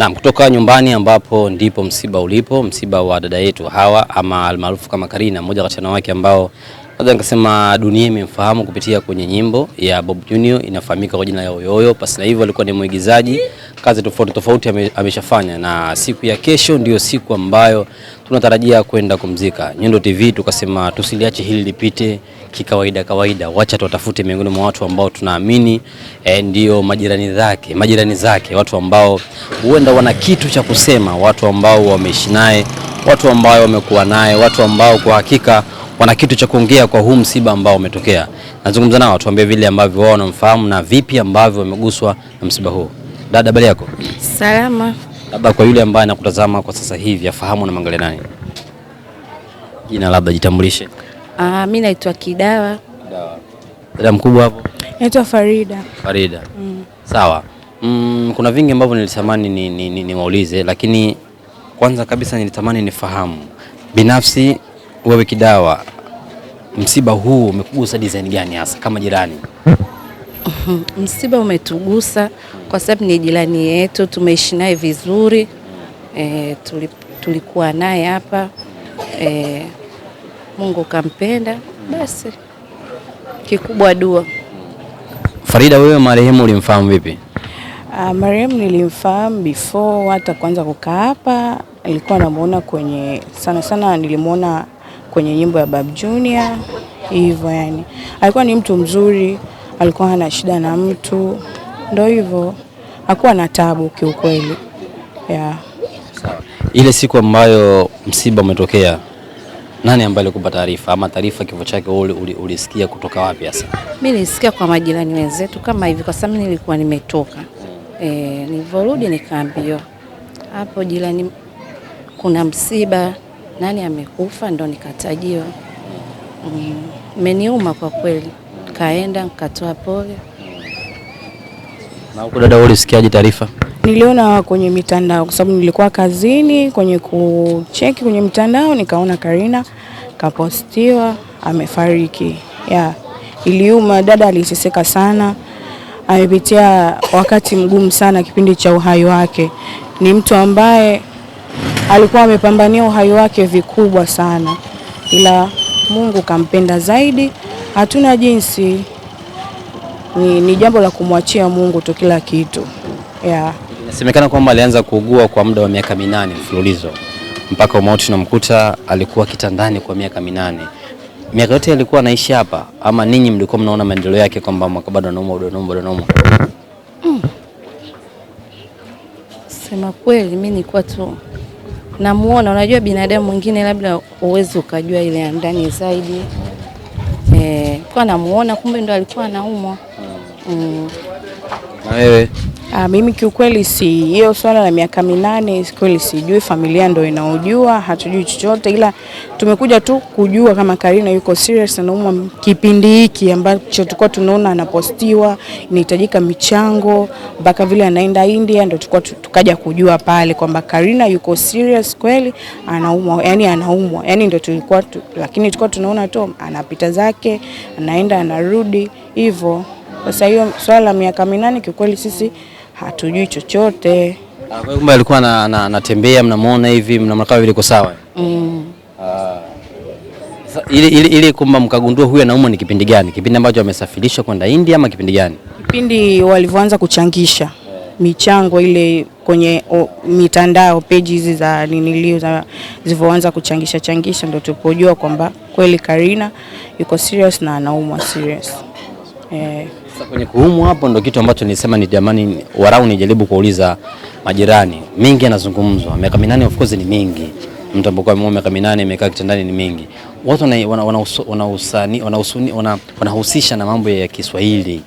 Naam, kutoka nyumbani ambapo ndipo msiba ulipo, msiba wa dada yetu Hawa ama almaarufu kama Karina, mmoja kati ya wanawake ambao naweza nikasema dunia imemfahamu kupitia kwenye nyimbo ya Bob Junior inafahamika kwa jina la Oyoyo. Pasi na hivyo alikuwa ni mwigizaji, kazi tofauti tofauti ameshafanya, na siku ya kesho ndiyo siku ambayo tunatarajia kwenda kumzika. Nyundo TV tukasema tusiliache hili lipite kikawaida kawaida, wacha tuwatafute miongoni mwa watu ambao tunaamini e, ndio majirani zake, majirani zake, watu ambao huenda wana kitu cha kusema, watu ambao wameishi naye, watu ambao wamekuwa naye, watu ambao kwa hakika wana kitu cha kuongea kwa huu msiba ambao umetokea. Nazungumza nao, tuambie vile ambavyo wao wanamfahamu na vipi ambavyo wameguswa na msiba huu. Dada, habari yako? Salama. Labda kwa yule ambaye anakutazama kwa sasa hivi afahamu na mangalia nani? Jina labda jitambulishe. Ah, mimi naitwa Kidawa. Kidawa. Dada mkubwa hapo. Naitwa Farida. Farida. Mm. Sawa. Mm, kuna vingi ambavyo nilitamani ni, ni, ni, niwaulize lakini kwanza kabisa nilitamani nifahamu binafsi wewe Kidawa, msiba huu umekugusa design gani hasa kama jirani? Msiba umetugusa kwa sababu ni jirani yetu, tumeishi naye vizuri e, tulikuwa naye hapa e, Mungu kampenda, basi kikubwa dua. Farida, wewe marehemu ulimfahamu vipi? Uh, marehemu nilimfahamu before hata kwanza kukaa hapa, nilikuwa namuona kwenye sana sana, nilimuona kwenye nyimbo ya Bab Junior hivyo. Yani alikuwa ni mtu mzuri, alikuwa hana shida na mtu, ndo hivyo, hakuwa na tabu kiukweli, yeah. Ile siku ambayo msiba umetokea nani ambaye alikupa taarifa ama taarifa kifo chake ulisikia kutoka wapi hasa? Mimi nilisikia kwa majirani wenzetu kama hivi, kwa sababu nilikuwa nimetoka e, nilivyorudi nikaambiwa hapo jirani kuna msiba, nani amekufa, ndo nikatajiwa. Mmeniuma mm. kwa kweli. Kaenda nikatoa pole. Na huko dada, ulisikiaje taarifa? Niliona kwenye mitandao kwa sababu nilikuwa kazini kwenye kucheki kwenye mitandao, nikaona Karina kapostiwa amefariki. Yeah. Iliuma, dada aliteseka sana, amepitia wakati mgumu sana kipindi cha uhai wake. Ni mtu ambaye alikuwa amepambania uhai wake vikubwa sana, ila Mungu kampenda zaidi. Hatuna jinsi, ni, ni jambo la kumwachia Mungu tu kila kitu yeah. Inasemekana kwamba alianza kuugua kwa muda wa miaka minane mfululizo mpaka mauti namkuta alikuwa kitandani kwa miaka minane. Miaka yote alikuwa anaishi hapa, ama ninyi mlikuwa mnaona maendeleo yake kwamba mwaka bado anauma udonomo udonomo? Sema kweli, mimi nilikuwa tu namuona, unajua binadamu mwingine labda uwezi ukajua ile ndani zaidi eh, kwa namuona, kumbe ndo alikuwa anaumwa. Mm. na wewe Aa, ah, mimi kiukweli si hiyo swala la miaka minane kweli sijui, familia ndio inaojua, hatujui chochote, ila tumekuja tu kujua kama Karina yuko serious anaumwa kipindi hiki ambacho tulikuwa tunaona anapostiwa inahitajika michango mpaka vile anaenda India, ndio tulikuwa tukaja kujua pale kwamba Karina yuko serious kweli anaumwa, yani anaumwa, yani ndio tulikuwa tu, lakini tulikuwa tunaona tu anapita zake anaenda anarudi hivyo. Sasa hiyo swala la miaka minane kiukweli sisi hatujui chochote. Ah, kumbe alikuwa anatembea, mnamwona hivi, mnamkaa vile, iko sawa mm. ah. Ili, ili, ili kumba mkagundua huyu anaumwa ni kipindi gani? Kipindi ambacho amesafirishwa kwenda India ama kipindi gani? Kipindi walivyoanza kuchangisha michango ile kwenye o, mitandao peji hizi za ninilio za zilivyoanza kuchangisha changisha, ndio tupojua kwamba kweli Karina yuko serious na anaumwa serious eh. Sasa kwenye kuumwa hapo ndo kitu ambacho nilisema ni jamani, warau nijaribu kuuliza majirani. Mingi yanazungumzwa, miaka minane of course ni mingi. Mtu ambaye kwa miaka minane imekaa kitandani ni mingi. Watu wanahusisha na mambo ya Kiswahili.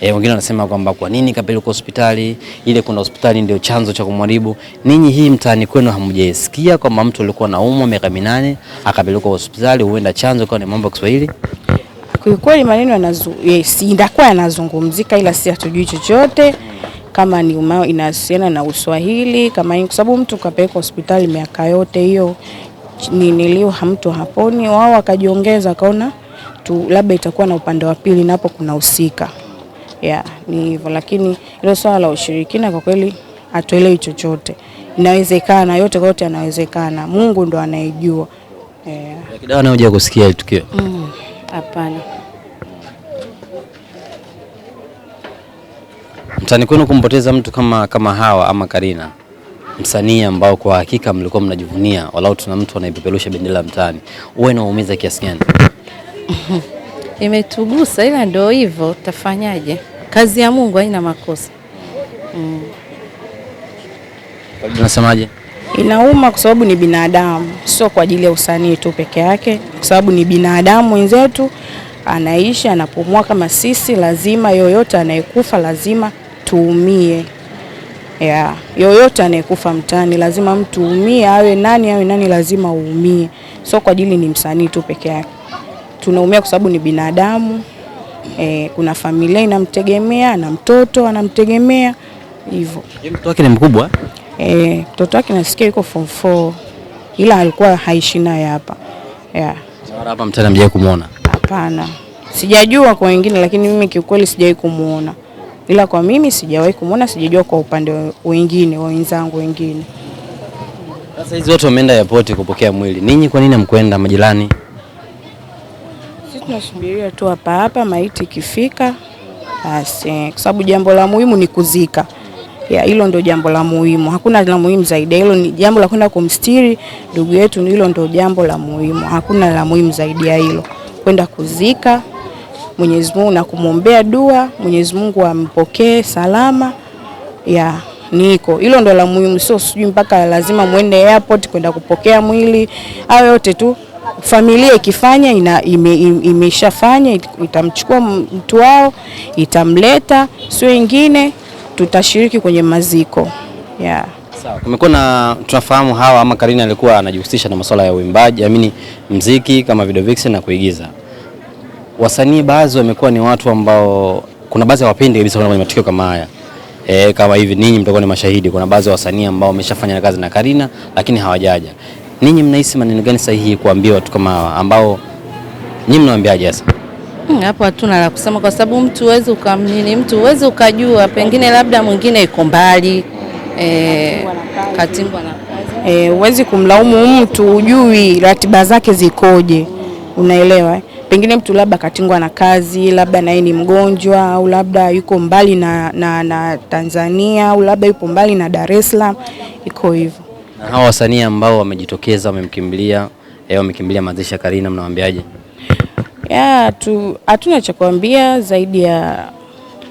E, wengine wanasema kwamba kwa nini kapeleka hospitali ile, kuna hospitali ndio chanzo cha kumharibu. Ninyi hii mtaani kwenu hamjaisikia kwamba mtu alikuwa naumwa miaka minane akapelekwa hospitali, huenda chanzo kwa ni mambo ya Kiswahili? Kiukweli maneno ndakuwa eh, yanazungumzika, ila si hatujui chochote kama ni umao inahusiana na uswahili kama ni kwa sababu mtu kapeleka hospitali miaka yote hiyo ninilio hamtu haponi, wao wakajiongeza wakaona tu labda itakuwa na upande wa pili napo kuna husika yeah, ni hivyo. Lakini hilo swala la ushirikina kwa kweli hatuelewi chochote. Inawezekana yote kwa yote, yanawezekana. Mungu ndo anayejua. Yeah. Kidao anaoja kusikia tukio mm. Hapana. Mtani kwenu kumpoteza mtu kama, kama Hawa ama Karina, msanii ambao kwa hakika mlikuwa mnajivunia, walau tuna mtu anaipeperusha bendera mtaani, huwa inaumiza kiasi gani? Imetugusa, ila ndio hivyo, tafanyaje? Kazi ya Mungu haina makosa. Mm. Unasemaje? Inauma kwa sababu ni binadamu, sio kwa ajili ya usanii tu peke yake, kwa sababu ni binadamu wenzetu, anaishi anapumua kama sisi. Lazima yoyote anayekufa lazima tuumie, yeah. Yoyote anayekufa mtaani lazima mtu umie, awe nani awe nani, lazima uumie, sio kwa ajili ni msanii tu peke yake. Tunaumia kwa sababu ni binadamu eh, kuna familia inamtegemea na mtoto anamtegemea hivyo. Mtoto wake ni mkubwa eh, mtoto wake nasikia yuko form 4 ila alikuwa haishi naye hapa yeah. Hapa mtaani mjawahi kumuona? Hapana, sijajua kwa wengine, lakini mimi kiukweli sijawahi kumuona, ila kwa mimi sijawahi kumuona, sijajua kwa upande wengine wa wenzangu wengine. Sasa hizi watu wameenda airport kupokea mwili, ninyi kwa nini mkwenda majirani? Sisi tunasubiria tu hapa hapa maiti ikifika basi, kwa sababu jambo la muhimu ni kuzika. Hilo ndio jambo la muhimu, hakuna la muhimu zaidi. Hilo ni jambo la kwenda kumstiri ndugu yetu, hilo ndio jambo la muhimu, hakuna la muhimu zaidi ya hilo. Kwenda kuzika Mwenyezi Mungu na kumwombea dua, Mwenyezi Mungu ampokee salama ya niko hilo ndo la muhimu, sio sijui mpaka lazima muende airport kwenda kupokea mwili au yote tu. Familia ikifanya ina imeshafanya ime itamchukua mtu wao itamleta, sio wengine tutashiriki kwenye maziko yeah. Sawa, kumekuwa na tunafahamu hawa ama Karina alikuwa anajihusisha na masuala ya uimbaji, amini mziki kama video vixen na kuigiza. Wasanii baadhi wamekuwa ni watu ambao kuna baadhi hawapendi kabisa kwenye matukio kama haya e, kama hivi ninyi mtakuwa ni mashahidi. Kuna baadhi ya wasanii ambao wameshafanya kazi na Karina lakini hawajaja. Ninyi mnahisi maneno gani sahihi kuambia watu kama hawa ambao ninyi mnawaambiaje sasa? Hmm, hapo hatuna la kusema kwa sababu mtu huwezi ukamnini, mtu huwezi ukajua, pengine labda mwingine iko mbali e, eh, katingwa na e, eh, huwezi kumlaumu mtu, hujui ratiba zake zikoje, unaelewa. Eh? Pengine mtu labda katingwa na kazi, labda naye ni mgonjwa, au labda yuko mbali na, na, na Tanzania, au labda yupo mbali na Dar es Salaam, iko hivyo. Na hawa wasanii ambao wamejitokeza, wamemkimbilia, wamekimbilia mazishi ya Karina, mnawaambiaje? Hatuna cha kuambia zaidi ya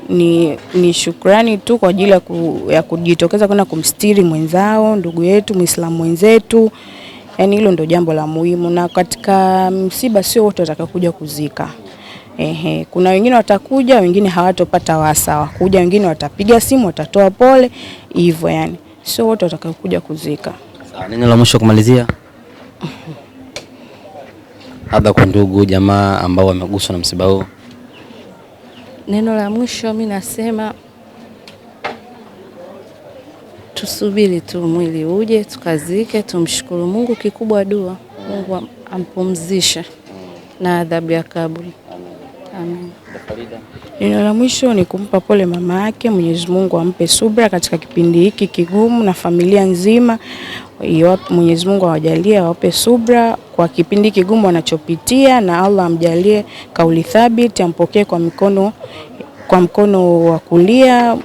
ni, ni shukrani tu kwa ajili ku, ya kujitokeza kwenda kumstiri mwenzao ndugu yetu Muislamu mwenzetu. Yaani hilo ndio jambo la muhimu, na katika msiba sio wote watakaokuja kuzika. Ehe, kuna wengine watakuja, wengine hawatopata wasa wa kuja, wengine watapiga simu, watatoa pole hivyo, yani sio wote watakaokuja kuzika. Sasa neno la mwisho kumalizia hadha kwa ndugu jamaa ambao wameguswa na msiba huu? Neno la mwisho mi nasema tusubiri tu mwili uje, tukazike, tumshukuru Mungu. Kikubwa dua, Mungu ampumzishe na adhabu ya kaburi. Neno la mwisho ni kumpa pole mama yake. Mwenyezi Mungu ampe subra katika kipindi hiki kigumu na familia nzima. Mwenyezi Mungu awajalie, awape subra kwa kipindi kigumu wanachopitia, na Allah amjalie kauli thabiti, ampokee kwa mkono kwa mkono wa kulia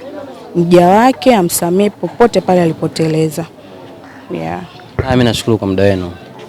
mja wake, amsamee popote pale alipoteleza. Yeah. Nami nashukuru kwa muda wenu.